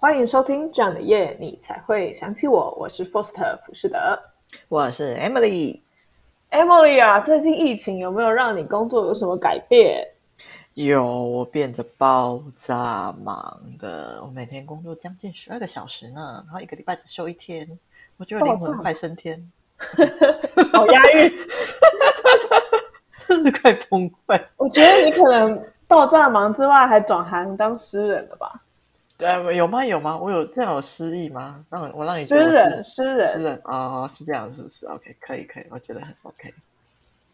歡迎收聽這樣的夜，你才會想起我。我是 Faust 浮士德，我是 Emily。Emily 啊，最近疫情有沒有讓你工作有什麼改變？有，我變得爆炸忙的，我每天工作將近十二個小時呢，然後一個禮拜只休一天，我覺得靈魂快升天，倒炸 好壓抑，真的快崩潰。我覺得你可能爆炸忙之外，還轉行當詩人了吧？對，有嗎？有嗎？我有這樣有詩意嗎？讓，我讓你覺得詩人，詩人，詩人，哦，是這樣，是不是？OK，可以，可以，我覺得很 OK。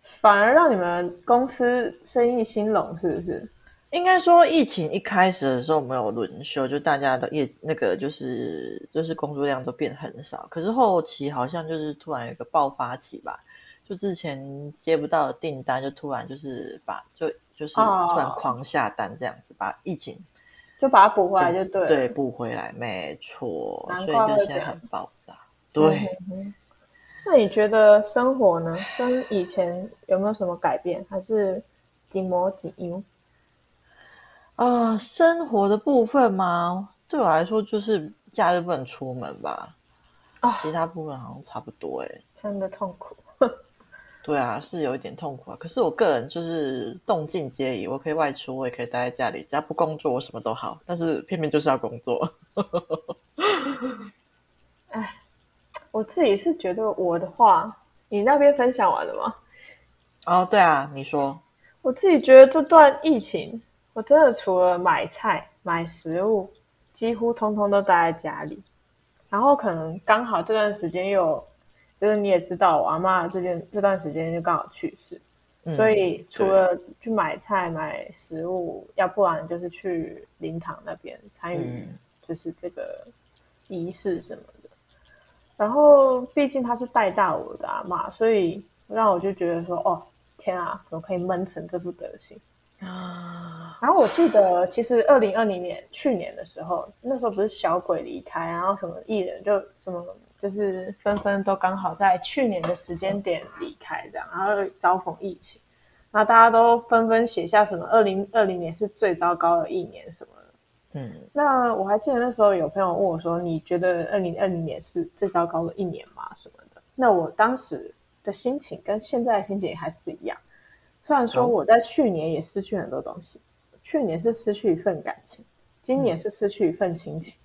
反而讓你們公司生意興隆，是不是？應該說，疫情一開始的時候沒有輪休，就大家都業那個，就是就是工作量都變很少。可是後期好像就是突然有一個爆發期吧，就之前接不到的訂單，就突然就是把就就是突然狂下單這樣子，哦、把疫情。就把它補回來就對，對，補回來沒錯。所以就現在很爆炸。對、嗯哼哼，那你覺得生活呢？跟以前有沒有什麼改變？還是幾模幾樣？呃，生活的部分嗎，對我來說就是假日不能出門吧。哦、其他部分好像差不多哎、欸啊，真的痛苦。對啊，是有一點痛苦啊。可是我個人就是動靜皆宜，我可以外出，我也可以待在家裡，只要不工作，我什麼都好。但是偏偏就是要工作。哎， 我自己是覺得我的話，你那邊分享完了嗎？哦，對啊，你說。我自己覺得這段疫情，我真的除了買菜、買食物，幾乎通通都待在家裡。然後可能剛好這段時間又。就是你也知道，我阿媽這件這段時間就剛好去世，嗯、所以除了去買菜對買食物，要不然就是去靈堂那邊參與，就是這個儀式什麼的。嗯、然後畢竟他是帶大我的阿媽，所以讓我就覺得說，哦，天啊，怎麼可以悶成這副德行。然後我記得，其實二零二零年去年的時候，那時候不是小鬼離開，然後什麼藝人就什麼。就是紛紛都剛好在去年的時間點離開，這樣，然後遭逢疫情，那大家都紛紛寫下什麼“二零二零年是最糟糕的一年”什麼的。嗯，那我還記得那時候有朋友問我說：“你覺得二零二零年是最糟糕的一年嗎？”什麼的。那我當時的心情跟現在的心情還是一樣，雖然說我在去年也失去很多東西，去年是失去一份感情，今年是失去一份親情。嗯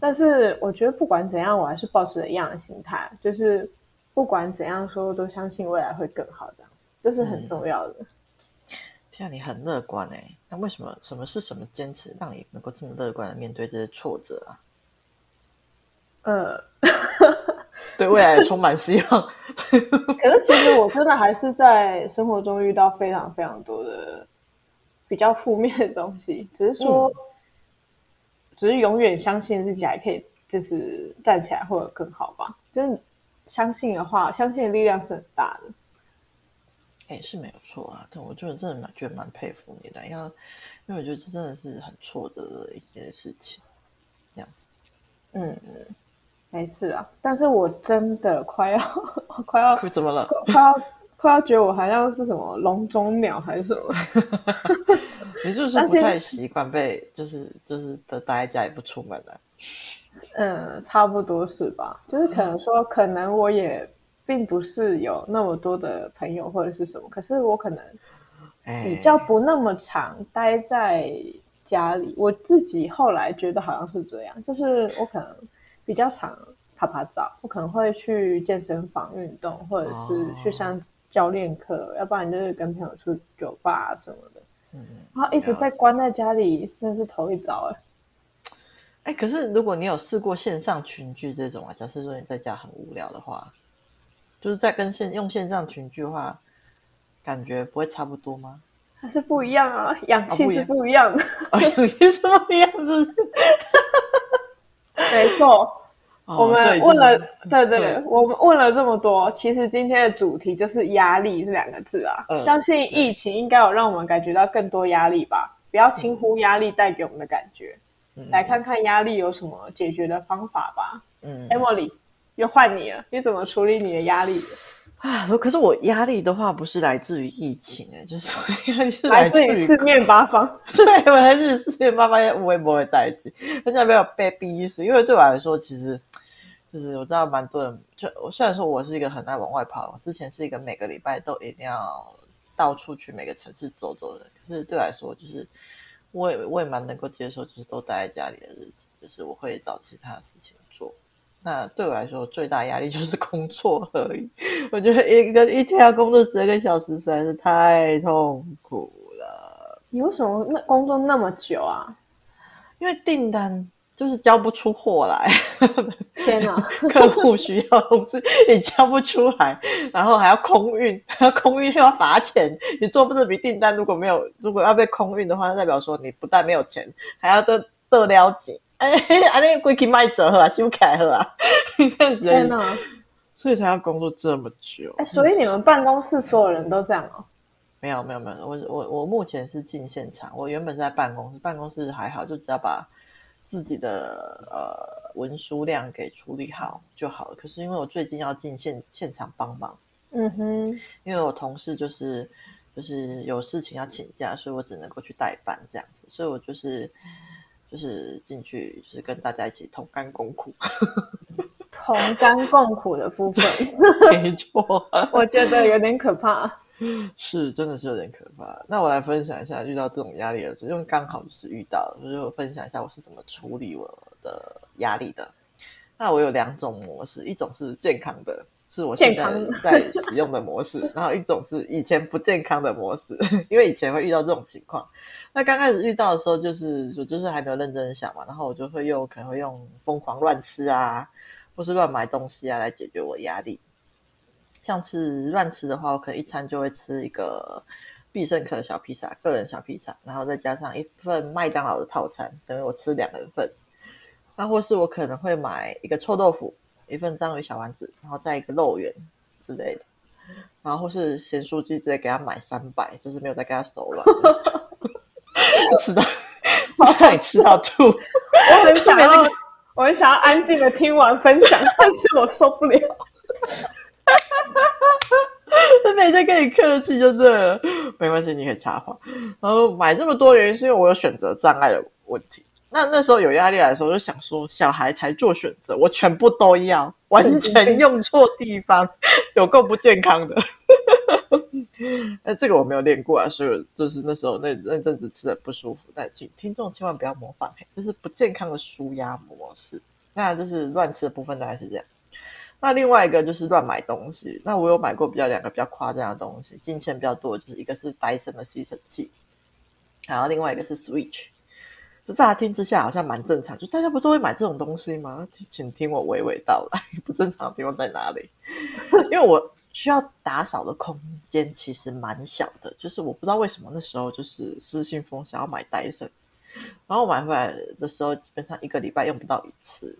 但是我覺得不管怎樣，我還是保持着一樣的心態，就是不管怎樣說，都相信未來會更好，這樣子，這是很重要的。嗯、天啊、你很樂觀呢、欸？那為什麼什麼是什麼堅持，讓你能夠這麼樂觀的面對這些挫折啊？呃、嗯， 對未來充滿希望。 可是其實我真的還是在生活中遇到非常非常多的比較負面的東西，只是說。嗯只是永遠相信自己還可以，就是站起來或者更好吧。就是相信的話，相信的力量是很大的。哎，是沒有錯啊。但我覺得真的蠻，覺得蠻佩服你的。因為因為我覺得這真的是很挫折的一件事情。這樣子，嗯嗯，沒事啊。但是我真的快要快要，快怎麼了？快要。快要覺得我好像是什麼籠中鳥還是什麼？ 你就是，是不太習慣被是就是就是待在家裡不出門了，嗯，差不多是吧？就是可能說，嗯、可能我也並不是有那麼多的朋友或者是什麼，可是我可能比較不那麼常待在家裡。嗯、我自己後來覺得好像是這樣，就是我可能比較常趴趴走，我可能會去健身房運動，或者是去上、嗯。教練課，要不然就是跟朋友出酒吧什麼的，嗯、然後一直在關在家裡，真是頭一遭啊。哎、欸，可是如果你有試過線上群聚這種啊，假設說你在家很無聊的話，就是在跟線用線上群聚的話，感覺不會差不多嗎？還是不一樣啊，嗯、氧氣是不一樣的、哦 哦，氧氣是不一樣，是不是？ 沒錯。Oh, 我們問了，就是、對,對對，嗯、我們問了這麼多，其實今天的主題就是壓力這兩個字啊。呃、相信疫情應該有讓我們感覺到更多壓力吧？嗯、不要輕忽壓力帶給我們的感覺，嗯、來看看壓力有什麼解決的方法吧。嗯，Amery，又換你了，你怎麼處理你的壓力的？啊，可是我壓力的話不是來自於疫情的，就是,我壓力是來,自來自於四面八方。對， 我還是四面八方我也不至打擊，現在沒有被逼一時，因為對我來說其實。就是我知道蠻多人，就我雖然說我是一個很愛往外跑，我之前是一個每個禮拜都一定要到處去每個城市走走的人。可是對我來說，就是我也我也蠻能夠接受，就是都待在家裡的日子。就是我會找其他的事情做。那對我來說，最大壓力就是工作而已。 我覺得一個一天要工作十二個小時實在是太痛苦了。你為什麼那工作那麼久啊？因為訂單。就是交不出貨來， 天哪！ 客戶需要，可是你交不出來，然後還要空運，還要空運又要罰錢，你做不這筆訂單如果沒有，如果要被空運的話，代表說你不但沒有錢，還要得得了解，哎，阿你虧起賣折了，修改了， 以天哪！所以才要工作這麼久。哎、欸，所以你們辦公室所有人都這樣哦？是沒有，沒有，沒有，我我我目前是進現場，我原本是在辦公室，辦公室還好，就只要把。自己的呃文書量給處理好就好了。可是因為我最近要進現現場幫忙，嗯哼，因為我同事就是就是有事情要請假，所以我只能過去代班這樣子。所以我就是就是進去，就是跟大家一起同甘共苦， 同甘共苦的部分。 沒錯。 我覺得有點可怕。是，真的是有點可怕。那我來分享一下遇到這種壓力的時候，因為剛好就是遇到，所以就分享一下我是怎麼處理我的壓力的。那我有兩種模式，一種是健康的，是我現在在使用的模式；然後一種是以前不健康的模式， 因為以前會遇到這種情況。那剛開始遇到的時候，就是我就是還沒有認真想嘛，然後我就會用，可能會用瘋狂亂吃啊，或是亂買東西啊來解決我壓力。像吃，亂吃的話，我可能一餐就會吃一個必勝客小披薩，個人小披薩，然後再加上一份麥當勞的套餐，等於我吃兩人份。那、啊、或是我可能會買一個臭豆腐，一份章魚小丸子，然後再一個肉圓之類的。然後或是鹹酥雞直接給他買三百，就是沒有再給他手軟。 吃到，怕你 吃到吐。 我很想要， 我很想要安靜的聽完分享，但是我受不了。 在跟你客氣，真的，沒關係，你可以插話。然後買這麼多，原因是因為我有選擇障礙的問題。那那時候有壓力來的時候，我就想說小孩才做選擇，我全部都要，完全用錯地方， 有夠不健康的。那、 哎、這個我沒有練過啊，所以就是那時候那那陣子吃的不舒服。但請聽眾千萬不要模仿，這是不健康的舒壓模式。那這是亂吃的部分，大概是這樣。那另外一個就是亂買東西。那我有買過比較兩個比較誇張的東西，金錢比較多的就是一個是戴森的吸塵器，然後另外一個是 Switch。就乍聽之下好像蠻正常，就大家不都會買這種東西嗎？請聽我娓娓道來，不正常的地方在哪裡？ 因為我需要打掃的空間其實蠻小的，就是我不知道為什麼那時候就是失心瘋想要買戴森，然後買回來的時候基本上一個禮拜用不到一次。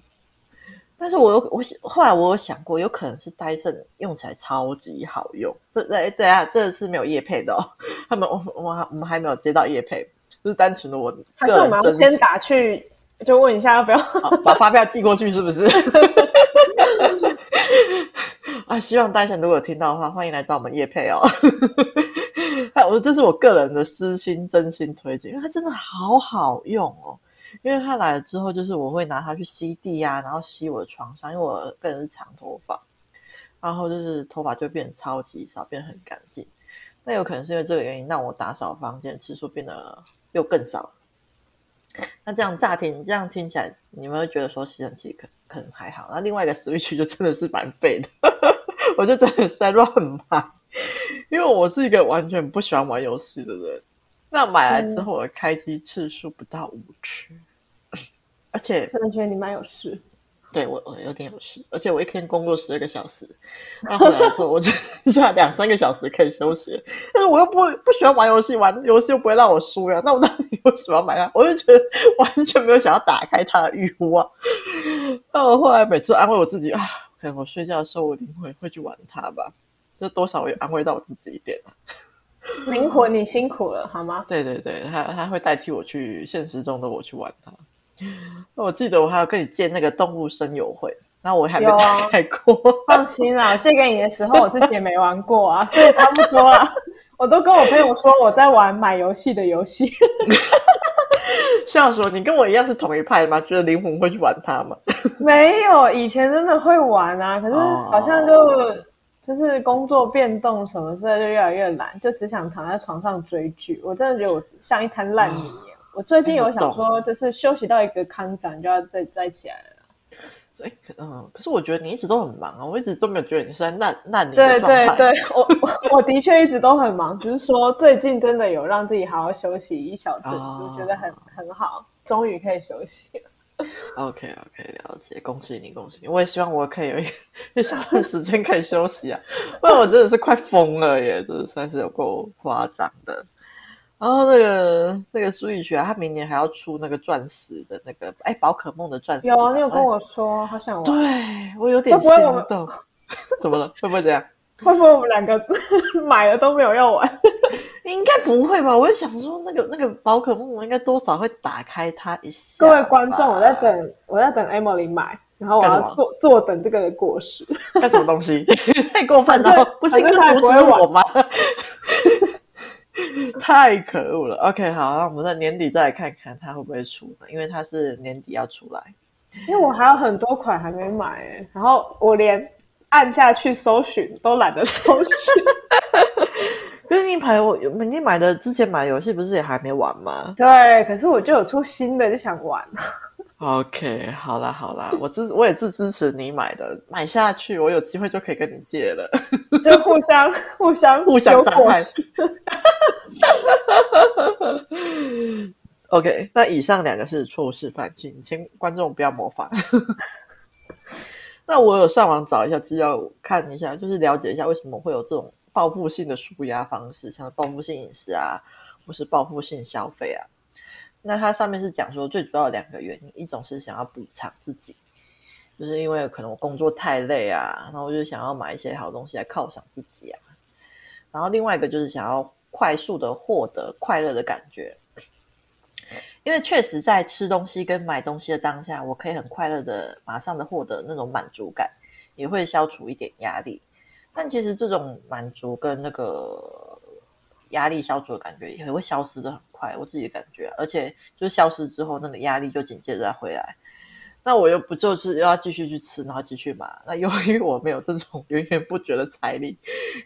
但是我有我後來我有想過，有可能是戴森用起來超級好用，這，對對啊，這是沒有業配的哦，他們我們我們還沒有接到業配，就是單純的我。他說我們要先打去就問一下要不要把發票寄過去，是不是？ 啊，希望戴森如果有聽到的話，歡迎來找我們業配哦。我 這是我個人的私心真心推薦，因為它真的好好用哦。因為它來了之後，就是我會拿它去吸地啊，然後吸我的床上，因為我個人是長頭髮，然後就是頭髮就變得超級少，變得很乾淨。那有可能是因為這個原因，讓我打掃房間次數變得又更少，那這樣乍聽，這樣聽起來，你們會覺得說吸塵器可可能還好，那另外一個 Switch 就真的是蠻廢的， 我就真的是在亂買，因為我是一個完全不喜歡玩遊戲的人。那買來之後，我開機次數不到五次，嗯、而且可能覺得你蠻有事。對我，我有點有事，而且我一天工作十二個小時，那、啊、後來說，我只剩下兩 三個小時可以休息。但是我又不不喜歡玩遊戲，玩遊戲又不會讓我輸呀、啊。那我到底為什麼要買它？我就覺得完全沒有想要打開它的欲望。那 我後來每次安慰我自己啊，可能我睡覺的時候我一定會會去玩它吧，這多少我也安慰到我自己一點、啊靈魂，你辛苦了，好嗎？對對對，他他會代替我去現實中的我去玩它。我記得我還要跟你借那個動物森友會，那我還沒有玩過。放心啦，借給你的時候我自己也沒玩過啊。 所以差不多啊，我都跟我朋友說我在玩買遊戲的遊戲。笑像我說，你跟我一樣是同一派嗎？覺得靈魂會去玩它嗎？沒有，以前真的會玩啊，可是好像就是。哦就是工作變動什麼之類，就越來越懶，就只想躺在床上追劇。我真的覺得我像一灘爛泥。啊、我最近有想說，就是休息到一個康展，就要再再起來了。對、欸，嗯，可是我覺得你一直都很忙啊，我一直都沒有覺得你是在爛爛泥狀態。對對對，我我的確一直都很忙，只 是說最近真的有讓自己好好休息一小陣我、啊、覺得很很好，終於可以休息了。OK OK，了解，恭喜你，恭喜你！我也希望我可以有一一下段時間可以休息啊， 不然我真的是快瘋了耶，真的算是有夠誇張的。然後那個那個蘇雨雪，她明年還要出那個鑽石的那個，哎，寶可夢的鑽石有啊，你有跟我說，好想玩，對我有點心動。想到 怎麼了？會不會這樣？會不會我們兩個 買了都沒有要玩？ 應該不會吧？我就想說、那個，那個那個寶可夢應該多少會打開它一下。各位觀眾，我在等，我在等 Amery 買，然後我坐坐等這個果實。幹什麼東西？ 太過分了！覺不，行他不是為它不指我嗎？ 太可惡了。OK，好，那我們在年底再來看看它會不會出呢，因為它是年底要出來。因為我還有很多款還沒買、欸，嗯、然後我連按下去搜尋都懶得搜尋。 最近一排，我你買的之前買遊戲不是也還沒玩嗎？對，可是我就有出新的就想玩。OK，好啦好啦，我支我也自支持你買的，買下去我有機會就可以跟你借了，就互相 互相互相傷害。 OK，那以上兩個是錯誤示範，請先觀眾不要模仿。 那我有上網找一下資料看一下，就是了解一下為什麼會有這種。報復性的舒壓方式，像是報復性飲食啊，或是報復性消費啊。那它上面是講說最主要的兩個原因，一種是想要補償自己，就是因為可能我工作太累啊，然後我就想要買一些好東西來犒賞自己啊。然後另外一個就是想要快速的獲得快樂的感覺，因為確實在吃東西跟買東西的當下，我可以很快樂的馬上的獲得那種滿足感，也會消除一點壓力。但其實這種滿足跟那個壓力消除的感覺也會消失的很快，我自己的感覺啊，而且就是消失之後，那個壓力就緊接着再回來。那我又不就是又要繼續去吃，然後繼續買？那由於我沒有這種源源不絕的財力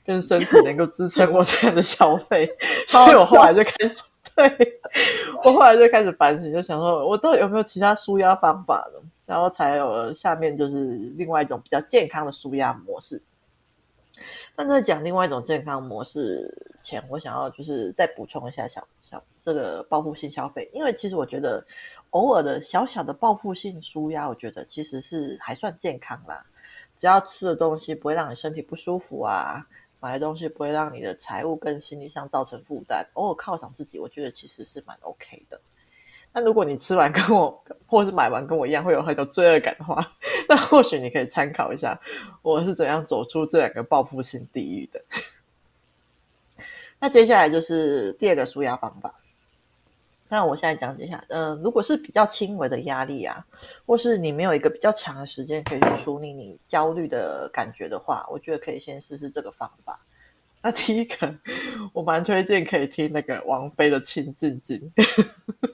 跟身體能夠支撐我這樣的消費，所以 我後來就開始，對 我後來就開始反省，就想說，我到底有沒有其他舒壓方法呢？然後才有了下面就是另外一種比較健康的舒壓模式。但在講另外一種健康模式前，我想要就是再補充一下小小，小這個報復性消費，因為其實我覺得偶爾的小小的報復性舒壓，我覺得其實是還算健康啦。只要吃的東西不會讓你身體不舒服啊，買的東西不會讓你的財務跟心理上造成負擔，偶爾犒賞自己，我覺得其實是蠻 OK 的。但如果你吃完跟我，或是買完跟我一樣會有很多罪惡感的話，那或許你可以參考一下我是怎樣走出這兩個報復性地獄的。 那接下來就是第二個舒壓方法。那我現在講解一下，嗯、呃，如果是比較輕微的壓力啊，或是你沒有一個比較長的時間可以去梳理你,你焦慮的感覺的話，我覺得可以先試試這個方法。那第一個，我蠻推薦可以聽那個王菲的《親近經。》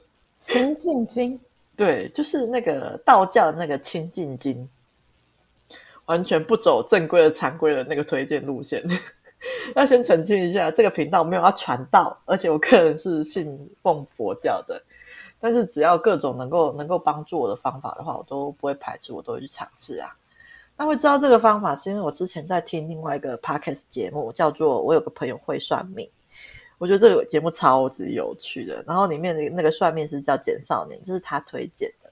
清靜經，對，就是那個道教的那個清靜經，完全不走正規的常規的那個推薦路線。 要先澄清一下，這個頻道沒有要傳道，而且我個人是信奉佛教的，但是只要各種能夠能夠幫助我的方法的話，我都不會排斥，我都會去嘗試啊。那會知道這個方法，是因為我之前在聽另外一個 podcast 節目，叫做《我有個朋友會算命》。我覺得這個節目超級有趣的，然後裡面的那個算命師叫簡少年，這是他推薦的。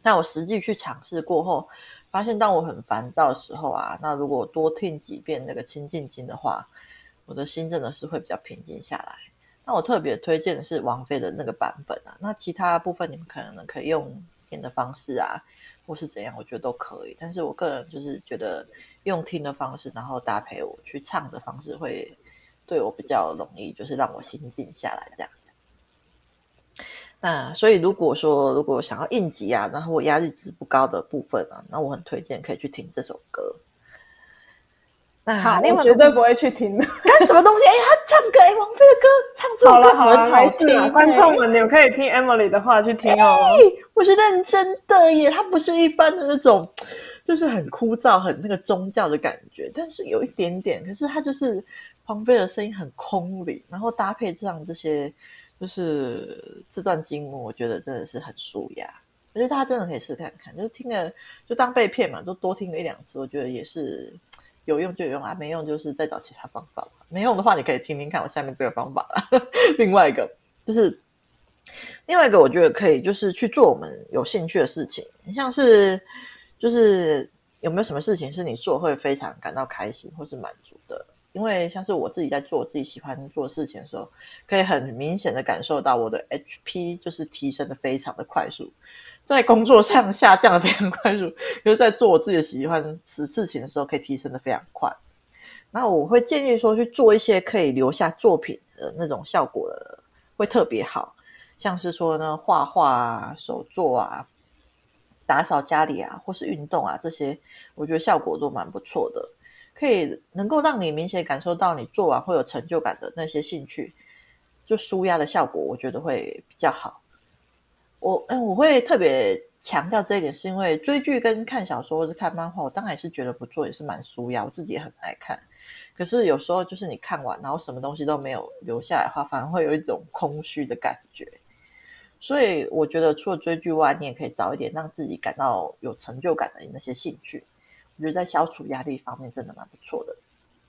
但我實際去嘗試過後，發現當我很煩躁的時候啊，那如果多聽幾遍那個《清靜經》的話，我的心真的是會比較平靜下來。那我特別推薦的是王菲的那個版本啊。那其他部分你們可能，能可以用聽的方式啊，或是怎樣，我覺得都可以。但是我個人就是覺得用聽的方式，然後搭配我去唱的方式會。對我比較容易，就是讓我心靜下來這樣子。那所以如果說如果想要應急啊，然後我壓力值不高的部分啊，那我很推薦可以去聽這首歌。那好你我絕對不會去聽，看 什麼東西？哎、欸，他唱歌，哎，王菲的歌，唱錯了，好了，還是、啊欸、觀眾們，你們可以聽 Amery 的話去聽哦、欸。我是認真的耶，他不是一般的那種，就是很枯燥、很那個宗教的感覺，但是有一點點，可是他就是。荒廢的聲音很空靈，然後搭配上這些，就是這段經文，我覺得真的是很紓壓，我覺得大家真的可以試看看，就聽了，就當被騙嘛，就多聽了一兩次，我覺得也是有用就有用啊，沒用就是再找其他方法、啊、沒用的話，你可以聽聽看我下面這個方法了、 就是。另外一個就是另外一個，我覺得可以就是去做我們有興趣的事情，像是就是有沒有什麼事情是你做會非常感到開心或是滿。因為像是我自己在做我自己喜歡做事情的時候，可以很明顯的感受到我的 HP 就是提升的非常的快速，在工作上下降的非常快速，就是在做我自己的喜歡的事情的時候，可以提升的非常快。那我會建議說去做一些可以留下作品的那種效果的會特別好，像是說呢畫畫啊、手作啊、打掃家裡啊，或是運動啊這些，我覺得效果都蠻不錯的。可以，能夠讓你明顯感受到你做完會有成就感的那些興趣，就舒壓的效果，我覺得會比較好。我嗯、欸，我會特別強調這一點，是因為追劇跟看小說或者看漫畫，我當然也是覺得不做也是蠻舒壓，我自己也很愛看。可是有時候就是你看完，然後什麼東西都沒有留下來的話，反而會有一種空虛的感覺。所以我覺得除了追劇外，你也可以找一點讓自己感到有成就感的那些興趣。我覺得在消除壓力方面真的蠻不錯的，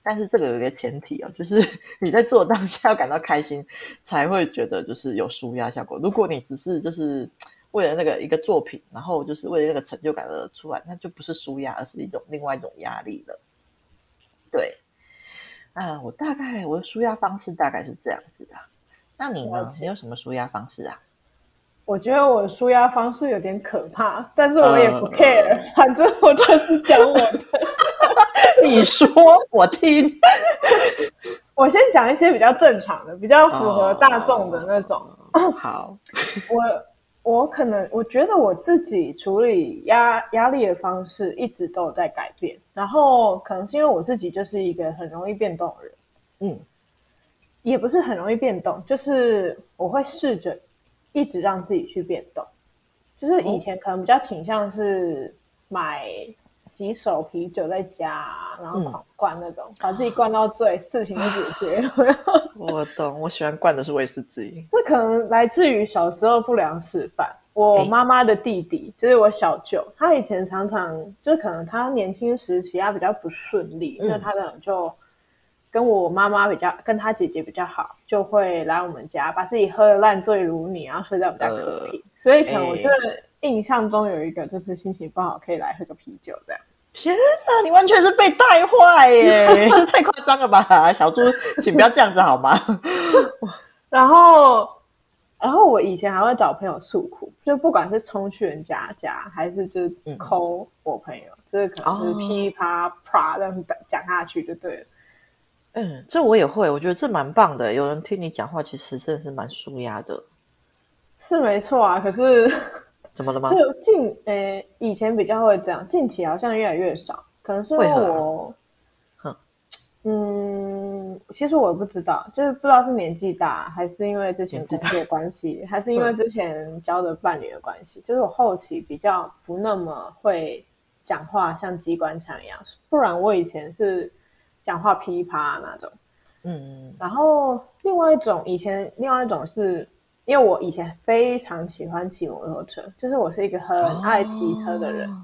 但是這個有一個前提哦，就是你在做當下要感到開心，才會覺得就是有舒壓效果。如果你只是就是為了那個一個作品，然後就是為了那個成就感而出來，那就不是舒壓，而是一種另外一種壓力了。對，啊，我大概我的舒壓方式大概是這樣子的。那你呢？前你有什麼舒壓方式啊？我覺得我的舒壓方式有點可怕，但是我也不 care，uh，反正我就是講我的。 你說，我聽。我先講一些比較正常的、比較符合大眾的那種。Oh, 好，我我可能我覺得我自己處理壓壓力的方式一直都在改變，然後可能是因為我自己就是一個很容易變動的人。嗯，也不是很容易變動，就是我會試着。一直讓自己去變動，就是以前可能比較傾向是買幾手啤酒在家，嗯、然後狂灌那種，把自己灌到醉，事情、啊、就解決，我懂， 我喜歡灌的是威士忌。這可能來自於小時候不良示範。我媽媽的弟弟、欸、就是我小舅，他以前常常就是可能他年輕時期、他、啊、比較不順利，那、嗯、他可能就。跟我媽媽比較，跟她姐姐比較好，就會來我們家，把自己喝得爛醉如泥，然後睡在我們家客廳。呃、所以可能我就印象中有一個，就是心情不好可以來喝個啤酒這樣。天哪，你完全是被帶壞耶！ 太誇張了吧，小豬，請不要這樣子好嗎？ 然後，然後我以前還會找朋友訴苦，就不管是衝去人家家，還是就是摳我朋友，嗯、就是可能是噼里啪啦這樣講下去就對了。嗯，這我也會，我覺得這蠻棒的。有人聽你講話，其實真的是蠻舒壓的，是沒錯啊。可是怎麼了嗎？就近呃、欸，以前比較會這樣，近期好像越來越少，可能是因為我，嗯嗯，其實我也不知道，就是不知道是年紀大，還是因為之前職業的關係，還是因為之前交的伴侶的關係，嗯、就是我後期比較不那麼會講話，像機關槍一樣。不然我以前是。講話噼啪、啊、那種，嗯，然後另外一種以前，另外一種是因為我以前非常喜歡騎摩托車，就是我是一個很愛騎車的人，哦、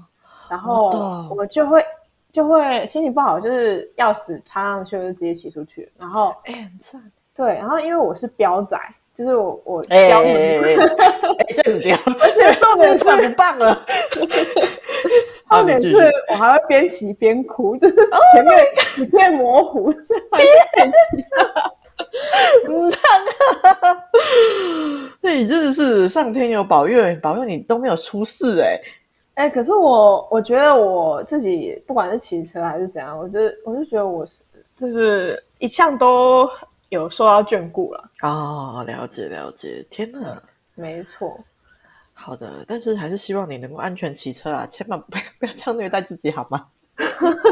然後我，的我就會就會心情不好，就是鑰匙插上去就直接騎出去，然後、欸、很帥、對，然後因為我是飆仔，就是我我飆， 而且重點穿、 就是、棒了。 後面是我還會邊騎邊哭，就是 前面一片、oh、模糊，這樣哈哈哈。那你真的是上天有保佑，保佑你都沒有出事哎！哎，可是我我覺得我自己不管是騎車還是怎樣，我就我就覺得我是就是一向都有受到眷顧了。哦，了解了解，天哪，沒錯。好的，但是還是希望你能夠安全騎車啦，千萬不要不要這樣虐待自己好嗎？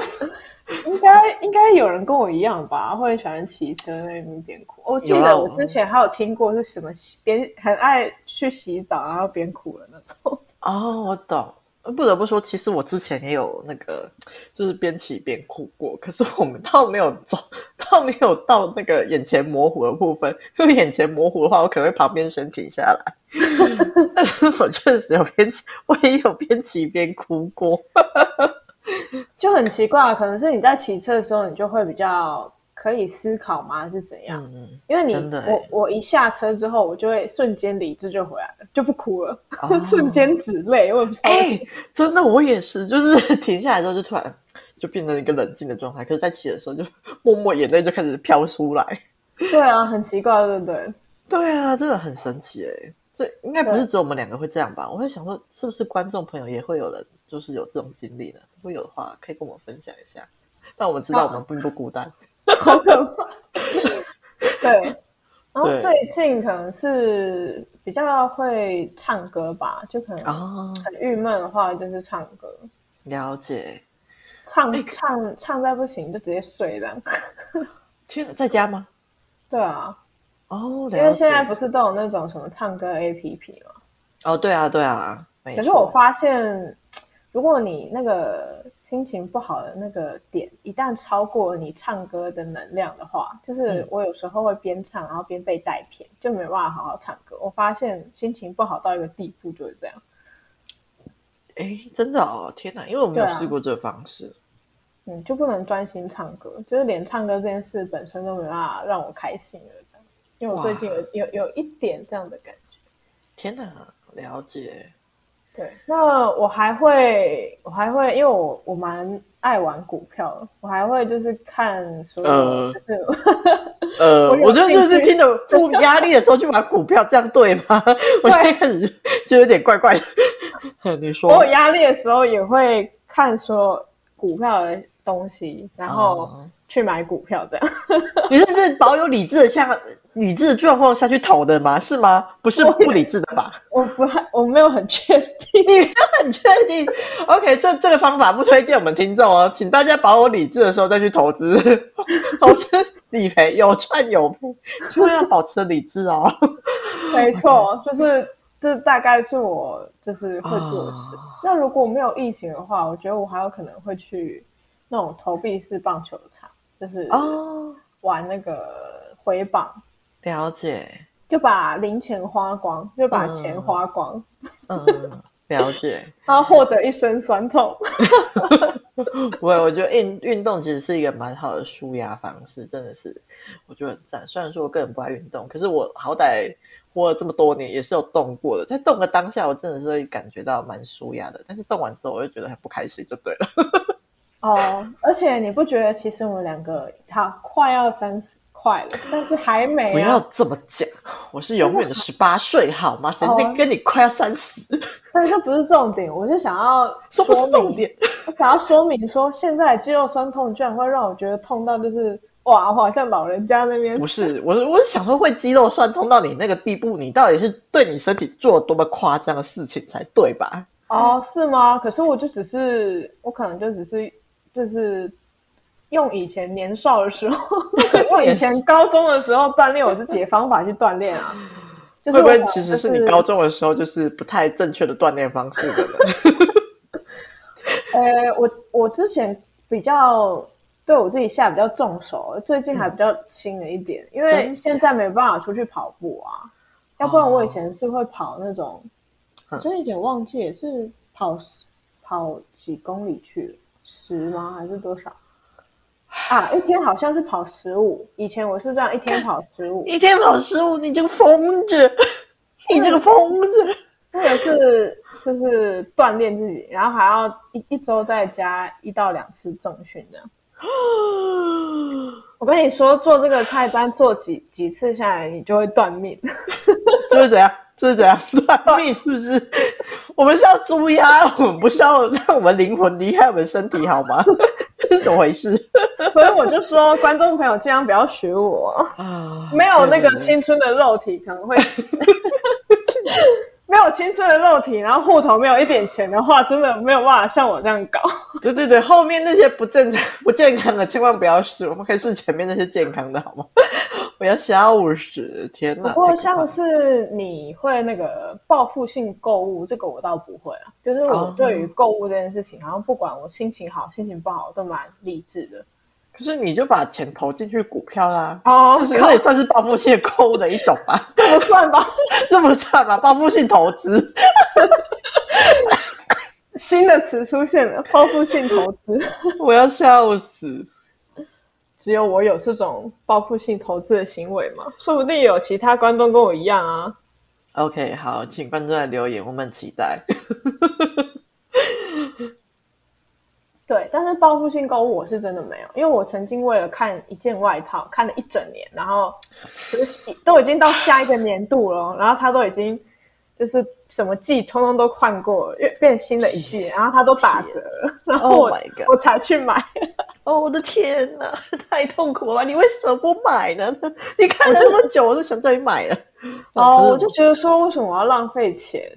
應該應該有人跟我一樣吧，會喜歡騎車那邊邊哭。我、哦、啦記得我之前還有聽過是什麼邊很愛去洗澡，然後邊哭的那種。哦，我懂。不得不說，其實我之前也有那個，就是邊騎邊哭過。可是我們倒沒有走，倒沒有到那個眼前模糊的部分。因為眼前模糊的話，我可能會旁邊先停下來。 但是我確實有邊騎，我也有邊騎邊哭過， 就很奇怪。可能是你在騎車的時候，你就會比較。可以思考嗎？是怎樣？嗯、因為你真的、欸、我我一下車之後，我就會瞬間理智就回來了，就不哭了，就、哦、 瞬間止淚。我也不哎、欸， 真的，我也是，就是停下來之後就突然就變成一個冷靜的狀態。可是在騎的時候，就默默眼淚就開始飄出來。對啊，很奇怪，對不對？對啊，真的很神奇哎、欸。這應該不是只有我們兩個會這樣吧？對我會想說，是不是觀眾朋友也會有人就是有這種經歷呢？如果有的話，可以跟我們分享一下，讓我們知道我們並不孤單。 好可怕！ 對，然後最近可能是比較會唱歌吧，就可能很鬱悶的話，就是唱歌。哦、了解，唱、欸、唱可唱再不行就直接睡了。其 在，在家嗎？對啊，哦，因為現在不是都有那種什麼唱歌 APP 嗎？哦，對啊，對啊，沒錯。可是我發現，如果你那個。心情不好的那個點，一旦超過你唱歌的能量的話，就是我有時候會邊唱然後邊被帶偏，嗯、就沒辦法好好唱歌。我發現心情不好到一個地步就是這樣。哎，真的哦，天哪！因為我沒有試過這方式，啊，嗯，就不能專心唱歌，就是連唱歌這件事本身都沒辦法讓我開心，就是、因為我最近有哇有有一點這樣的感覺。天哪，了解。對，那我還會，我還會，因為我我蠻愛玩股票的，我還會就是看說，呃，我就就是聽着負壓力的時候去買股票， 這樣對嗎？我現在開始就，對就有點怪怪的， 你說？我有壓力的時候也會看說股票的東西，然後、哦。去買股票，這樣 你是是保有理智的，像理智的狀況下去投的嗎？是嗎？不是不理智的吧？我，我不還，我沒有很確定， 你沒有很確定。OK，這這個方法不推薦我們聽眾哦，請大家保有理智的時候再去投資，投資理賠有賺有賠，千萬要保持理智哦。 沒錯，就是這大概是我就是會做的事。啊、那如果沒有疫情的話，我覺得我還有可能會去那種投幣式棒球場。就是玩那個迴榜，表姐、哦、就把零錢花光，嗯、就把錢花光，嗯，表姐他獲得一身酸痛。對， 我覺得運運動其實是一個蠻好的舒壓方式，真的是我覺得很讚。雖然說我個人不愛運動，可是我好歹活了這麼多年，也是有動過的。在動的當下，我真的是會感覺到蠻舒壓的。但是動完之後，我又覺得很不開心，就對了。 哦，而且你不覺得其實我們兩個他快要三十快了，但是還沒、啊。不要這麼講，我是永遠的十八歲，好嗎？神經是跟你快要三十？哦、但是這不是重點，我是想要說不是重點，我想要說明說現在肌肉痠痛居然會讓我覺得痛到就是哇，好像老人家那邊不是？我是我是想說會肌肉痠痛到你那個地步，哦、你到底是對你身體做了多麼誇張的事情才對吧？哦，是嗎？可是我就只是，我可能就只是。就是用以前年少的時候， 用以前高中的時候鍛鍊我自己的方法去鍛鍊啊。會不會其實是你高中的時候就是不太正確的鍛鍊方式的呢？ 呃，我我之前比較對我自己下比較重手，最近還比較輕了一點，嗯、因為現在沒辦法出去跑步啊。是要不然我以前是會跑那種，我真有、哦、點忘記也是跑跑幾公里去了。十嗎？還是多少？啊，一天好像是跑十五。以前我是這樣，一天跑十五，一天跑十五。跑，你這個瘋子！是你這個瘋子！或者是就是鍛鍊自己，然後還要一一周再加一到兩次重訓這樣。我跟你說，做這個菜單做幾幾次下來，你就會斷命， 就是怎樣？是怎樣斷命，是不是？ 我們是要紓壓？我們不是要讓我們靈魂離開我們身體好嗎？ 是怎麼回事？所以我就說，觀眾朋友儘量不要學我啊！沒有那個青春的肉體，嗯、可能會。 沒有青春的肉體，然後戶頭沒有一點錢的話，真的沒有辦法像我這樣搞。對對對，後面那些不正常、不健康的千萬不要試，我們可以試前面那些健康的，好嗎？ 我要笑死，天哪！不過像是你會那個報復性購物，這個我倒不會啊。就是我對於購物這件事情，oh. 好像不管我心情好、心情不好，我都蠻理智的。可是你就把錢投進去股票啦，哦，那也算是報復性的購物的一種吧？那不 算吧？那不 算吧？報復性投資， 新的詞出現了，報復性投資， 我要笑死！只有我有這種報復性投資的行為嘛。說不定有其他觀眾跟我一樣啊。OK，好，請觀眾來留言，我們期待。 對，但是報復性購物我是真的沒有，因為我曾經為了看一件外套看了一整年，然後都已經到下一個年度了， 然後它都已經就是什麼季通通都換過了，變新的一季，天然後它都打折，天然後我，天我，我才去買。哦，我的天哪，太痛苦了！你為什麼不買呢？你看了這麼久，我，就我都想再買了。哦，是我就覺得說，為什麼我要浪費錢？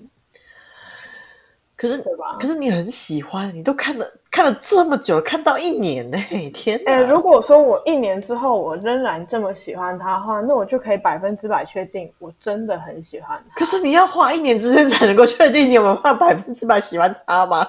可是，吧可是你很喜歡，你都看了。看了這麼久，看到一年呢、欸，天！哎、欸，如果說我一年之後我仍然這麼喜歡他的話，那我就可以百分之百確定我真的很喜歡他。可是你要花一年之間才能夠確定你有沒有百分之百喜歡他嗎？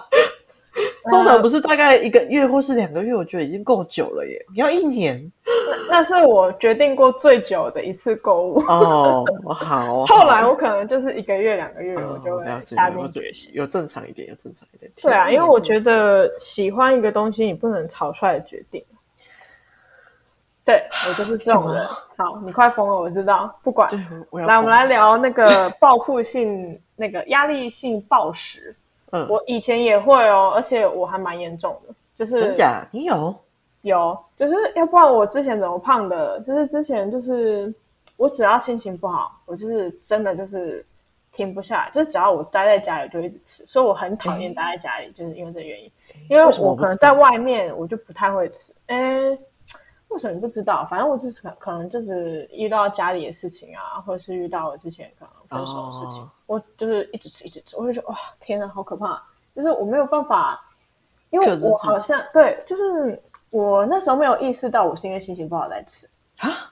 嗯、通常不是大概一個月或是兩個月，我覺得已經夠久了耶，你要一年。 那那是我決定過最久的一次購物哦，好。Oh, 後來我可能就是一個月兩、oh, 個月，我就會下定決心，oh, 了了有正常一點，有正常一點。對 啊，因為我覺得喜歡一個東西，你不能草率的決定。對，我就是這種人。麼好，你快瘋了，我知道。不管，我來我們來聊那個報復性、 那個壓力性暴食。嗯，我以前也會哦，而且我還蠻嚴重的，就是真的假？你有？有，就是要不然我之前怎麼胖的？就是之前就是我只要心情不好，我就是真的就是停不下來。就是只要我待在家裡，就一直吃，所以我很討厭待在家裡，嗯、就是因為這個原因。因為我可能在外面，我就不太會吃。哎，為什麼不知道？反正我就是可能就是遇到家裡的事情啊，或者是遇到我之前可能分手的事情，哦、我就是一直吃一直吃。我就覺得哇，天啊，好可怕！就是我沒有辦法，因為我好像就對就是。我那時候沒有意識到，我是因為心情不好在吃啊，蛤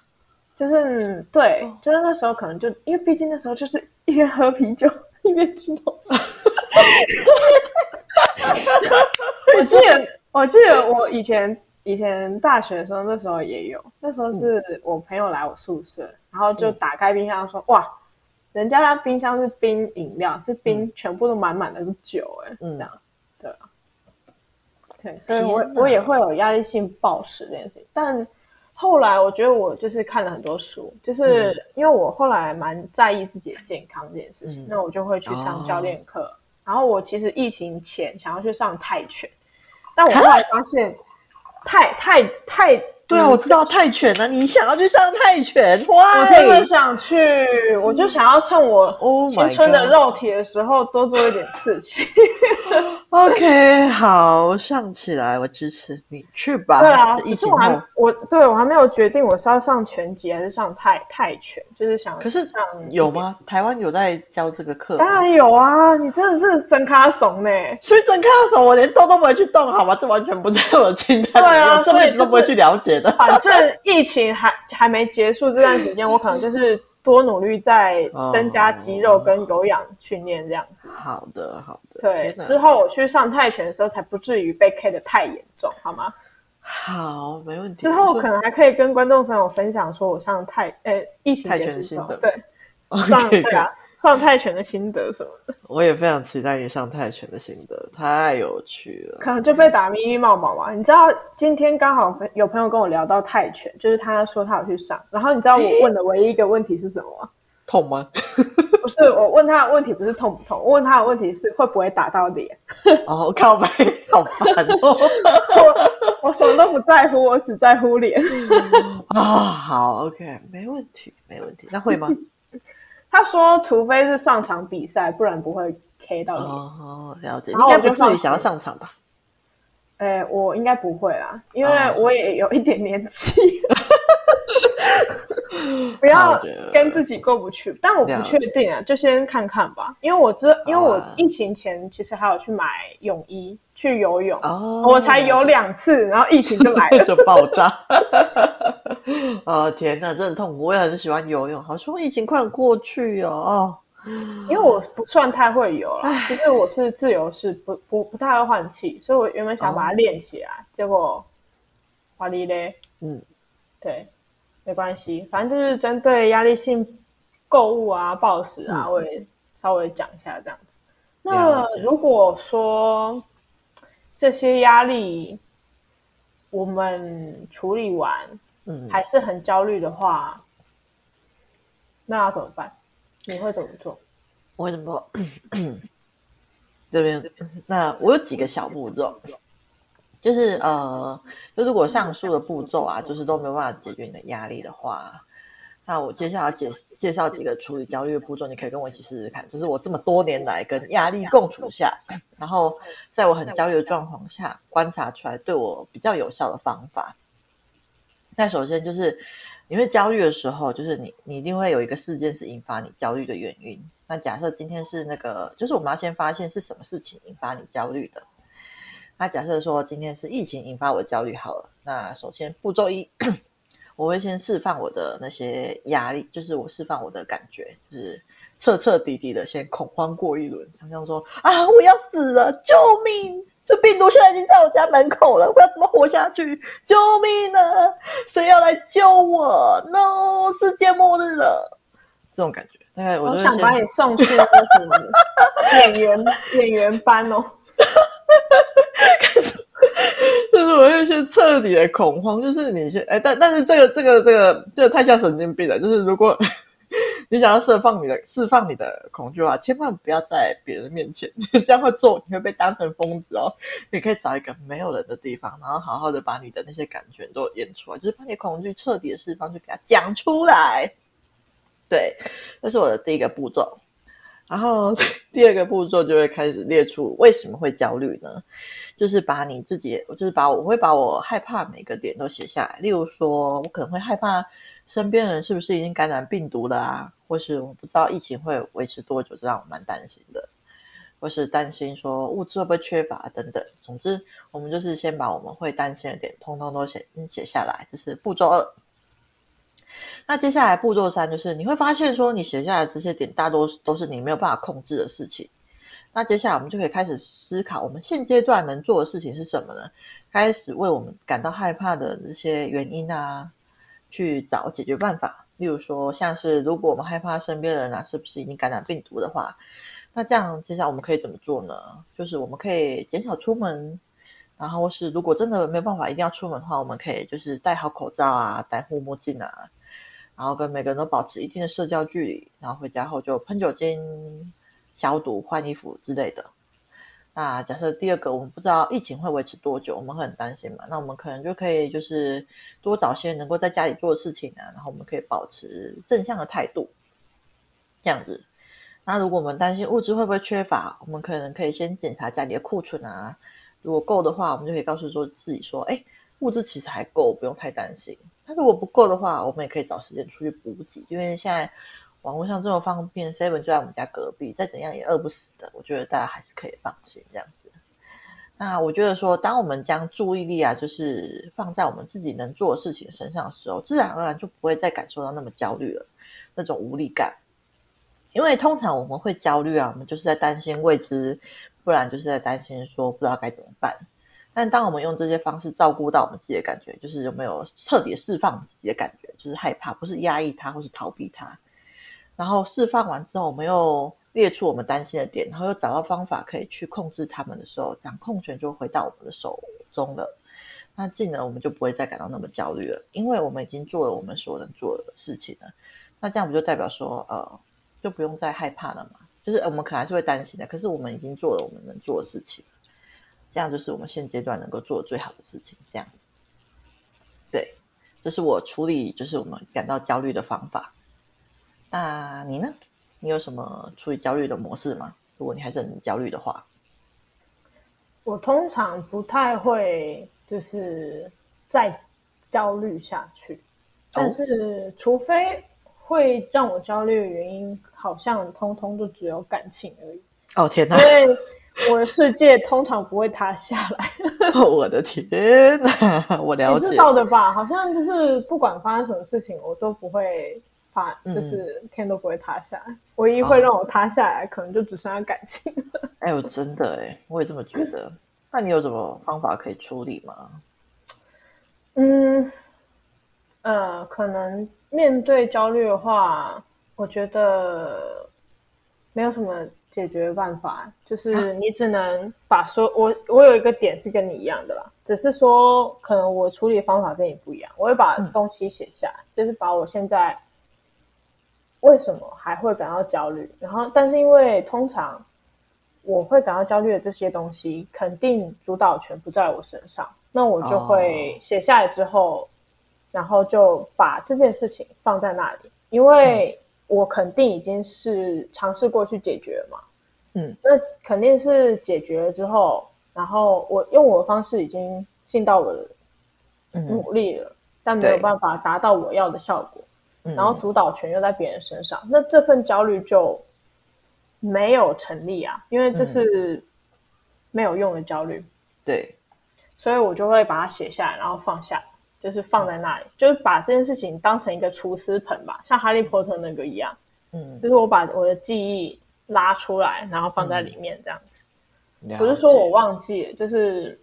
就是、嗯、對，就是那時候可能就因為畢竟那時候就是一邊喝啤酒一邊吃東西。 我記得，我記得我以前以前大學的時候，那時候也有，那時候是我朋友來我宿舍，嗯、然後就打開冰箱說：“嗯、哇，人家的冰箱是冰飲料，是冰，全部都滿滿的酒、欸。”哎，嗯。這樣所以，對哪我我也會有壓力性暴食這件事情，但後來我覺得我就是看了很多書，就是因為我後來蠻在意自己的健康這件事情，嗯、那我就會去上教練課。嗯、然後我其實疫情前想要去上泰拳，但我後來發現太太蛤太。太對啊，我知道泰拳啊！你想要去上泰拳？哇！我真的想去，我就想要趁我青春的肉體的時候多做一點刺激、oh、my OK，好，上起來，我支、就、持、是、你去吧。對啊，可是我還我對我還沒有決定，我是要上拳擊還是上泰泰拳？就是想上，可是有嗎？台灣有在教這個課？當然有啊！你真的是整卡慫呢、欸？所以整卡慫，我連動都不會去動，好嗎？這完全不在我的清單裡面，對啊、這輩子、就是、都不會去了解。反正疫情還還沒結束這段時間，對我可能就是多努力在增加肌肉跟有氧訓練這樣子。好的，好的。對，之後我去上泰拳的時候，才不至於被 K 的太嚴重，好嗎？好，沒問題。之後可能還可以跟觀眾朋友分享，說我上泰呃，疫情結束的時候，泰拳對，Okay, 上對啊。上泰拳的心得什麼的，我也非常期待你上泰拳的心得，太有趣了。可能就被打咪咪冒冒吧。你知道今天剛好有朋友跟我聊到泰拳，就是他說他要去上，然後你知道我問的唯一一個問題是什麼？ 痛嗎？不 是，我問他的問題不是痛不痛，我問他的問題是會不會打到臉。 哦，靠北好煩、哦。 我我什麼都不在乎，我只在乎臉。啊、 哦，好，OK，沒問題，沒問題。那會嗎？ 他說，除非是上場比賽，不然不會 K 到你。哦，oh, oh, 了解。然後我就你應該不至於想要上場吧？欸，我應該不會啦，因為我也有一點年紀，oh. 不要跟自己過不去。Oh, okay. 但我不確定啊，了解。就先看看吧。因為我知因為我疫情前其實還有去買泳衣。去游泳、oh, 我才游兩次， 然後疫情就來了， 就爆炸、 呃。啊天哪，真的痛苦！我也很喜歡游泳，好像疫情快過去哦，哦因為我不算太會游了，因為唉我是自由式，不不，不，不太會換氣，所以我原本想把它練起來，oh. 結果滑哩嘞。我嗯，對，沒關係，反正就是針對壓力性購物啊、暴食啊，嗯、我也稍微講一下這樣子。那解如果說。這些壓力，我們處理完，還是很焦慮的話，嗯、那要怎麼辦？你會怎麼做？嗯、我會怎麼做？這邊，這邊那我有幾個小步驟，是步驟就是呃，就如果上述的步驟啊，就是都沒有辦法解決你的壓力的話。那我接下來要介介紹幾個處理焦慮的步驟，你可以跟我一起試試看，這是就是我這麼多年來跟壓力共處下，然後在我很焦慮的狀況下觀察出來對我比較有效的方法。那首先就是，因為焦慮的時候，就是你你一定會有一個事件是引發你焦慮的原因。那假設今天是那個，就是我們要先發現是什麼事情引發你焦慮的。那假設說今天是疫情引發我的焦慮好了，那首先步驟一。 我會先釋放我的那些壓力，就是我釋放我的感覺，就是徹徹底底的先恐慌過一輪，想象說啊，我要死了，救命！這病毒現在已經在我家門口了，我要怎麼活下去？救命啊！誰要來救我？No，世界末日了，這種感覺。大概我就，就我想把你送去做演員演員班哦。 就是我會先徹底的恐慌，就是你先哎、欸，但但是這個這個這個這個太像神經病了。就是如果 你想要釋放你的釋放你的恐懼的話，千萬不要在別人面前你這樣會做，你會被當成瘋子哦。你可以找一個沒有人的地方，然後好好的把你的那些感覺都演出來，就是把你的恐懼徹底的釋放，就給他講出來。對，這是我的第一個步驟。然後第二個步驟就會開始列出為什麼會焦慮呢？就是把你自己，就是把我，我會把我害怕每個點都寫下來。例如說，我可能會害怕身邊人是不是已經感染病毒了啊，或是我不知道疫情會維持多久，這讓我蠻擔心的。或是擔心說物資會不會缺乏等等。總之，我們就是先把我們會擔心的點通通都寫、嗯、寫下來，就是步驟二。那接下來步驟三就是你會發現說，你寫下來這些點大多都是你沒有辦法控制的事情。那接下來我們就可以開始思考我們現階段能做的事情是什麼呢？開始為我們感到害怕的這些原因啊，去找解決辦法。例如說像是如果我們害怕身邊的人啊是不是已經感染病毒的話，那這樣接下來我們可以怎麼做呢？就是我們可以減少出門，然後是如果真的沒有辦法一定要出門的話，我們可以就是戴好口罩啊，戴護目鏡啊。然後跟每個人都保持一定的社交距離，然後回家後就噴酒精消毒、換衣服之類的。那假設第二個，我們不知道疫情會維持多久，我們會很擔心嘛？那我們可能就可以就是多找些能夠在家裡做的事情啊，然後我們可以保持正向的態度，這樣子。那如果我們擔心物資會不會缺乏，我們可能可以先檢查家裡的庫存啊。如果夠的話，我們就可以告訴說自己說：“哎，物資其實還夠，不用太擔心。”他如果不夠的話，我們也可以找時間出去補給，因為現在網絡上這麼方便。Seven 就在我們家隔壁，再怎樣也餓不死的。我覺得大家還是可以放心這樣子。那我覺得說，當我們將注意力啊，就是放在我們自己能做的事情身上的時候，自然而然就不會再感受到那麼焦慮了，那種無力感。因為通常我們會焦慮啊，我們就是在擔心未知，不然就是在擔心說不知道該怎麼辦。但當我們用這些方式照顧到我們自己的感覺，就是有沒有徹底釋放自己的感覺，就是害怕，不是壓抑它，或是逃避它。然後釋放完之後，我們又列出我們擔心的點，然後又找到方法可以去控制他們的時候，掌控權就回到我們的手中了。那進而我們就不會再感到那麼焦慮了，因為我們已經做了我們所能做的事情了。那這樣不就代表說，呃，就不用再害怕了嘛？就是我們可還是會擔心的，可是我們已經做了我們能做的事情。這樣就是我們現階段能夠做最好的事情。這樣子，對，這是我處理就是我們感到焦慮的方法。那你呢？你有什麼處理焦慮的模式嗎？如果你還是很焦慮的話，我通常不太會就是再焦慮下去，哦，但是除非會讓我焦慮的原因，好像通通就只有感情而已。哦天哪！我的世界通常不會塌下來。 我的天，我了解，知道、欸、的吧？好像就是不管發生什麼事情，我都不會怕，嗯、就是天都不會塌下來。唯一會讓我塌下來，哦、可能就只剩下感情。哎 呦、欸，我真的哎、欸，我也這麼覺得。那你有什麼方法可以處理嗎？嗯，呃，可能面對焦慮的話，我覺得沒有什麼。解決辦法就是你只能把說，我我有一個點是跟你一樣的啦，只是說可能我處理的方法跟你不一樣。我會把東西寫下來，嗯、就是把我現在為什麼還會感到焦慮，然後但是因為通常我會感到焦慮的這些東西，肯定主導權不在我身上，那我就會寫下來之後，哦、然後就把這件事情放在那裡，因為、嗯。我肯定已經是嘗試過去解決了嘛，嗯，那肯定是解決了之後，然後我用我的方式已經盡到我的努力了，嗯、但沒有辦法達到我要的效果，對然後主導權又在別人身上，嗯、那這份焦慮就沒有成立啊，因為這是沒有用的焦慮，嗯、對，所以我就會把它寫下來，然後放下。就是放在那裡，嗯、就是把這件事情當成一個儲思盆吧，像《哈利波特》那個一樣，嗯，就是我把我的記憶拉出來，然後放在裡面這樣子，嗯、不是說我忘記了，就是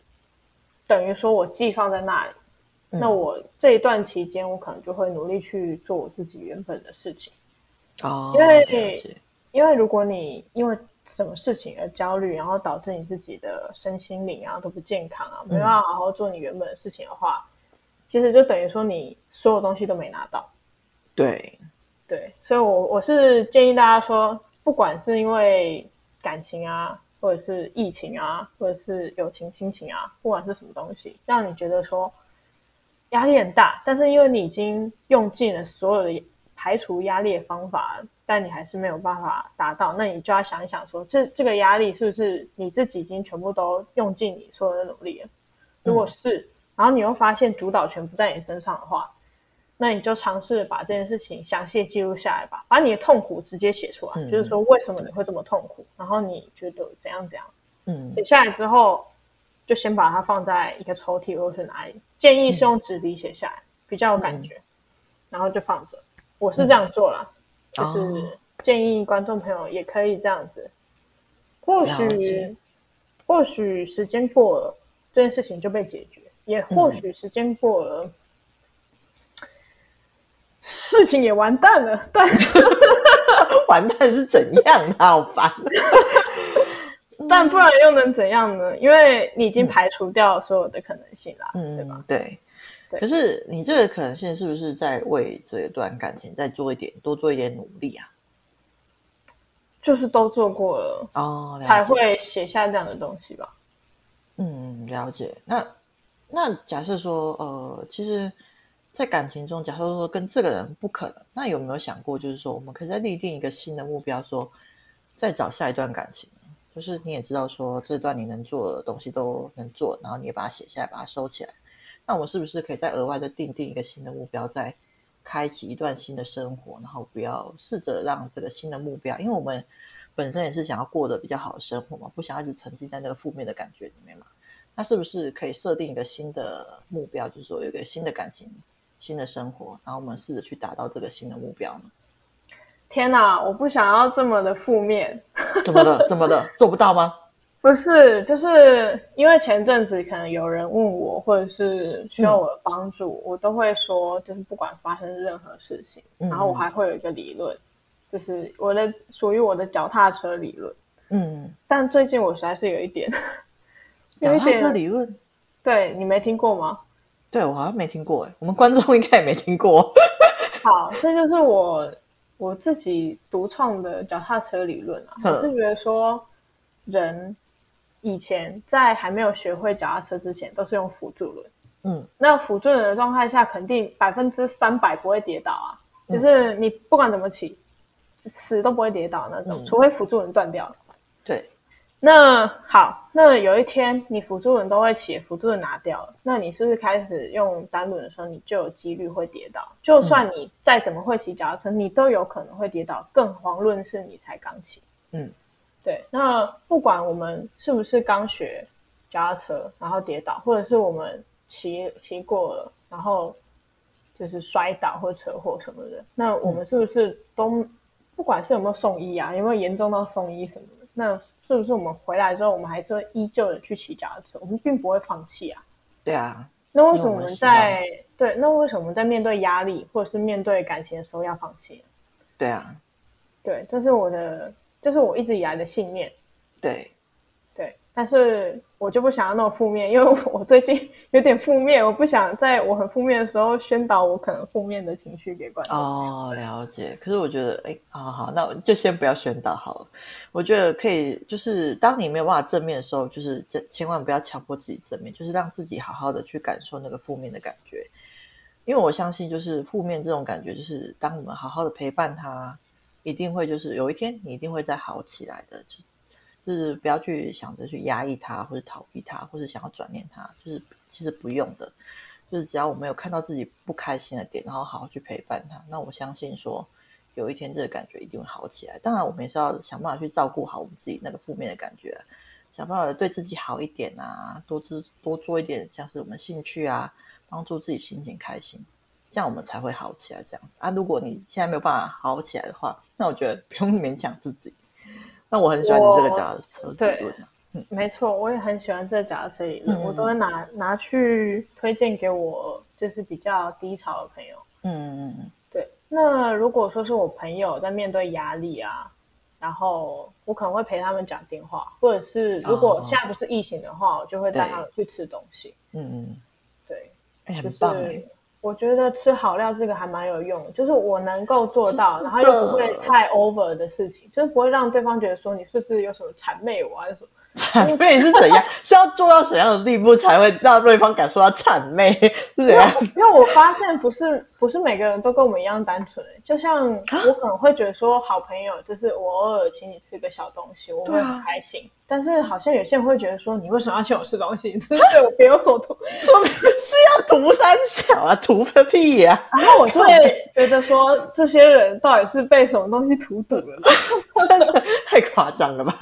等於說我寄放在那裡。嗯、那我這一段期間，我可能就會努力去做我自己原本的事情。哦，因為解因為如果你因為什麼事情而焦慮，然後導致你自己的身心靈啊都不健康啊，嗯、沒辦法好好做你原本的事情的話。其實就等於說你所有東西都沒拿到，對，對，所以我，我我是建議大家說，不管是因為感情啊，或者是疫情啊，或者是友情、親情啊，不管是什麼東西，讓你覺得說壓力很大，但是因為你已經用盡了所有的排除壓力的方法，但你還是沒有辦法達到，那你就要想一想說，這這個壓力是不是你自己已經全部都用盡你所有的努力了？如果是，嗯然後你又發現主導權不在你身上的話，那你就嘗試把這件事情詳細記錄下來吧，把你的痛苦直接寫出來，嗯、就是說為什麼你會這麼痛苦，嗯、然後你覺得怎樣怎樣。嗯，寫下來之後，就先把它放在一個抽屜或是哪裡。建議是用紙筆寫下來，嗯、比較有感覺，嗯、然後就放着。嗯、我是這樣做了，嗯、就是建議觀眾朋友也可以這樣子。或許，或許時間過了，這件事情就被解決。也或許時間過了，嗯、事情也完蛋了，但是 完蛋是怎樣？好煩 但不然又能怎樣呢？因為你已經排除掉了所有的可能性啦，嗯，對吧？對。對。可是你這個可能性是不是在為這段感情再做一點、多做一點努力啊？就是都做過了哦，了解。才會寫下這樣的東西吧？嗯，了解。那。那假設說，呃，其實，在感情中，假設說跟這個人不可能，那有沒有想過，就是說，我們可以再立定一個新的目標，說再找下一段感情。就是你也知道，說這段你能做的東西都能做，然後你也把它寫下來，把它收起來。那我們是不是可以再額外再定定一個新的目標，再開啟一段新的生活，然後不要試着讓這個新的目標，因為我們本身也是想要過得比較好的生活嘛，不想要一直沉浸在那個負面的感覺裡面嘛。那是不是可以設定一個新的目標，就是說有一個新的感情、新的生活，然後我們試着去達到這個新的目標呢？天哪，我不想要這麼的負面。怎麼了？ 怎麼了？做不到嗎？不是，就是因為前陣子可能有人問我，或者是需要我的幫助，嗯、我都會說，就是不管發生任何事情，嗯、然後我還會有一個理論，就是我的屬於我的腳踏車理論。嗯，但最近我實在是有一點。腳踏車理論，對，你沒聽過嗎？對，我好像沒聽過，欸，我們觀眾應該也沒聽過。 好，這就是我我自己獨創的腳踏車理論啊，嗯、我是覺得說，人以前在還沒有學會腳踏車之前，都是用輔助輪，嗯，那輔助輪的狀態下，肯定百分之三百不會跌倒啊，就是你不管怎麼騎，嗯、死都不會跌倒那種，嗯、除非輔助輪斷掉了，對。那好，那有一天你輔助輪都會騎，輔助輪拿掉了，那你是不是開始用單輪的時候，你就有幾率會跌倒？就算你再怎麼會騎腳踏車，嗯、你都有可能會跌倒，更遑論是你才剛騎。嗯，對。那不管我們是不是剛學腳踏車然後跌倒，或者是我們騎騎過了然後就是摔倒或車禍什麼的，那我們是不是都不管是有沒有送醫啊，有沒有嚴重到送醫什麼的，那？是不是我們回來之後，我們還是會依舊的去騎腳踏車？我們並不會放棄啊。對啊，那為什麼在對？那為什麼在面對壓力或者是面對感情的時候要放棄？對啊，對，這是我的，這是我一直以來的信念。對，對，但是。我就不想要那種負面，因為我最近有點負面，我不想在我很負面的時候宣導我可能負面的情緒給觀眾。哦，了解。可是我覺得，哎、哦，好好，那我就先不要宣導好了。我覺得可以，就是當你沒有辦法正面的時候，就是千萬不要強迫自己正面，就是讓自己好好的去感受那個負面的感覺。因為我相信，就是負面這種感覺，就是當我們好好的陪伴他，一定會就是有一天你一定會再好起來的。就就是不要去想着去壓抑他，或者逃避他，或者想要轉念他，就是其實不用的。就是只要我們有看到自己不開心的點，然後好好去陪伴他，那我相信說有一天這個感覺一定會好起來。當然，我們也是要想辦法去照顧好我們自己那個負面的感覺，啊，想辦法對自己好一點啊，多知多做一點像是我們興趣啊，幫助自己心情開心，這樣我們才會好起來。這樣子啊，如果你現在沒有辦法好起來的話，那我覺得不用勉強自，自己。那我很喜歡你這個假的車，對，對嗯、沒錯，我也很喜歡這個假的車、嗯、我都會拿拿去推薦給我就是比較低潮的朋友。嗯嗯嗯對。那如果說是我朋友在面對壓力啊，然後我可能會陪他們講電話，或者是如果現在不是疫情的話，我就會帶他們去吃東西。嗯嗯、哦，對，很棒。我覺得吃好料這個還蠻有用的，就是我能夠做到，然後又不會太 over 的事情，就是不會讓對方覺得說你是不是有什麼諂媚我還是，啊就是什麼。所以、嗯、 是怎樣？是要做到怎樣的地步才會讓對方感受到諂媚？是怎樣因？因為我發現不是不是每個人都跟我們一樣單純、欸。就像我可能會覺得說，好朋友就是我偶爾請你吃個小東西，我會很開心。啊、但是好像有些人會覺得說，你為什麼要請我吃東西？這是對我別有所圖，說明是要圖三小啊，圖個屁啊！然後我就會覺得說，這些人到底是被什麼東西荼毒了？真的太誇張了吧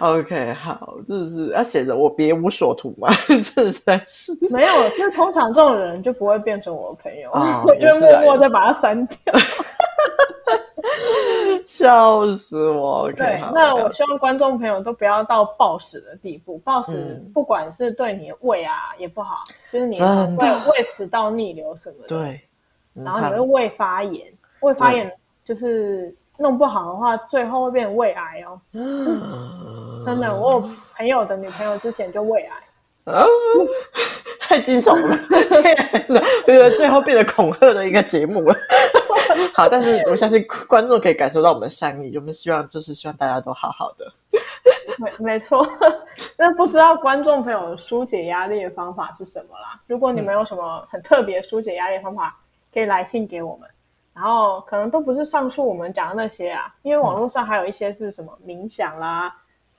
？OK，好。是是，他寫着我別無所圖嘛，真的是沒有。就通常這種人就不會變成我的朋友，哦、 我就默默的把他刪掉。啊、 笑死我！Okay，對，好那我希望觀眾朋友都不要到暴食的地步，暴食不管是對你的胃啊也不好，嗯、就是你會胃食道逆流什麼的。真的。對，然後你會胃發炎，對胃發炎就是弄不好的話，最後會變成胃癌哦。 真的，我有朋友的女朋友之前就胃癌，嗯啊、太驚悚了！哈哈覺得最後變得恐嚇的一個節目了，好，但是我相信觀眾可以感受到我們的善意，我們希望就是希望大家都好好的。沒沒錯，那 不知道觀眾朋友的疏解壓力的方法是什麼啦？如果你們有什麼很特別疏解壓力的方法，可以來信給我們。嗯、然後可能都不是上述我們講的那些啊，因為網絡上還有一些是什麼、嗯、冥想啦。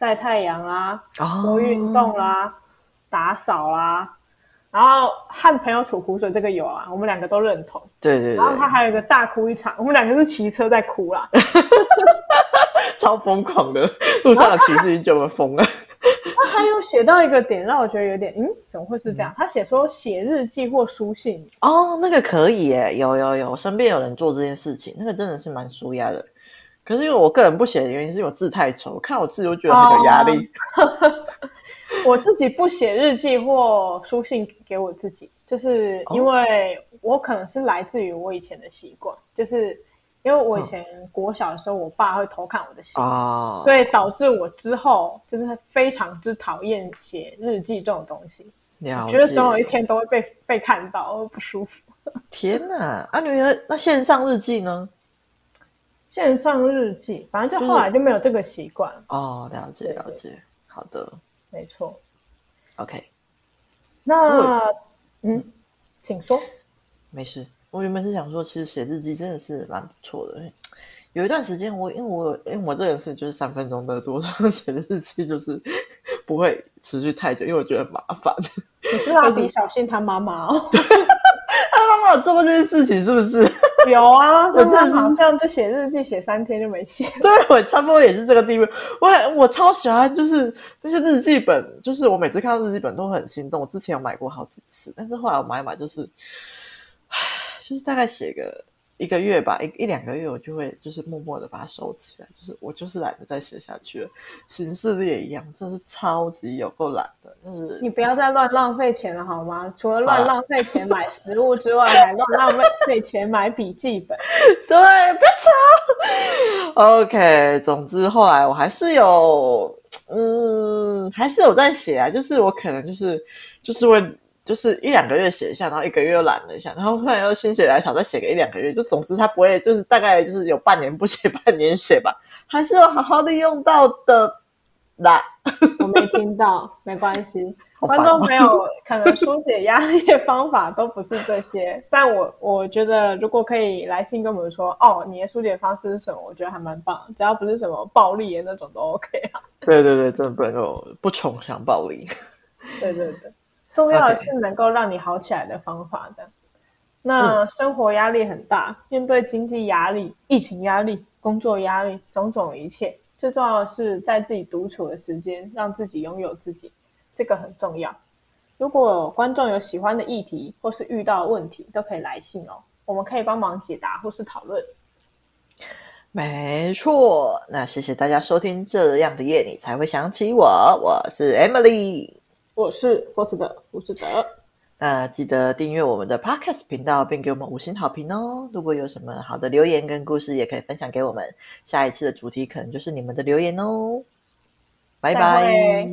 曬太陽啊，多運動啦、啊，哦、打掃啦、啊，然後和朋友吐苦水這個有啊，我們兩個都認同。對對對。然後他還有一個大哭一場，我們兩個是騎車在哭啦，嗯、 超瘋狂的，路上有騎士，就怎麼瘋了？啊、他還有寫到一個點，讓我覺得有點，嗯，怎麼會是這樣？嗯、他寫說寫日記或書信哦，那個可以哎、欸、有有有，身邊有人做這件事情，那個真的是蠻舒壓的。可是因為我個人不寫的原因，是因為我字太醜，看我字我就覺得很壓力。Oh. 我自己不寫日記或書信給我自己，就是因為我可能是來自於我以前的習慣，就是因為我以前國小的時候，oh. 我爸會偷看我的信，oh. 所以導致我之後就是非常之討厭寫日記這種東西。我解覺得總有一天都會被被看到，我會不舒服。天哪，啊女兒，那線上日記呢？線上日記，反正就後來就、就是、就沒有這個習慣。哦，了解了解，對對好的，沒錯。OK，那果嗯，請說。沒事，我原本是想說，其實寫日記真的是蠻不錯的。有一段時間我，我因為我因為我這件事就是三分鐘熱度，我寫日記就是不會持續太久，因為我覺得麻煩。你是蠟筆是小新他、哦、 他媽媽？他媽媽有做過這件事情，是不是？有啊，我這樣，好像就寫日記，寫三天就沒寫。 對，我差不多也是這個地位。我我超喜歡，就是那些日記本，就是我每次看到日記本都很心動。我之前有買過好幾次，但是後來我買一買就是，就是大概寫個一個月吧，一一兩個月我就會就是默默的把它收起來，就是我就是懶得再寫下去了。形式也一樣，真是超級有夠懶的。就是你不要再亂浪費錢了好嗎？除了亂浪費錢買食物之外， 還亂浪費錢買筆記本。 對，別吵。OK，總之後來我還是有，嗯，還是有在寫啊，就是我可能就是就是會。就是一兩個月寫一下，然後一個月又懶了一下，然後突然又心血來潮再寫個一兩個月。就總之他不會，就是大概就是有半年不寫，半年寫吧。還是有好好的用到的啦。我沒聽到，沒關係。觀眾沒有，可能疏解壓力的方法都不是這些。 但我我覺得，如果可以來信跟我們說，哦，你的疏解方式是什麼？我覺得還蠻棒。只要不是什麼暴力的那種都 OK 啊。對對對，真的不能夠不崇尚暴力。對對對。重要的是能夠讓你好起來的方法的。Okay, 那生活壓力很大，嗯、面對經濟壓力、疫情壓力、工作壓力，種種一切，最重要的是在自己獨處的時間，讓自己擁有自己，這個很重要。如果觀眾有喜歡的議題或是遇到問題，都可以來信哦，我們可以幫忙解答或是討論。沒錯，那謝謝大家收聽，這樣的夜你才會想起我，我是 Amery。我是浮士德的浮士德，那、呃、記得訂閱我們的 Podcast 頻道，並給我們五星好評哦。如果有什麼好的留言跟故事，也可以分享給我們。下一次的主題可能就是你們的留言哦。拜拜。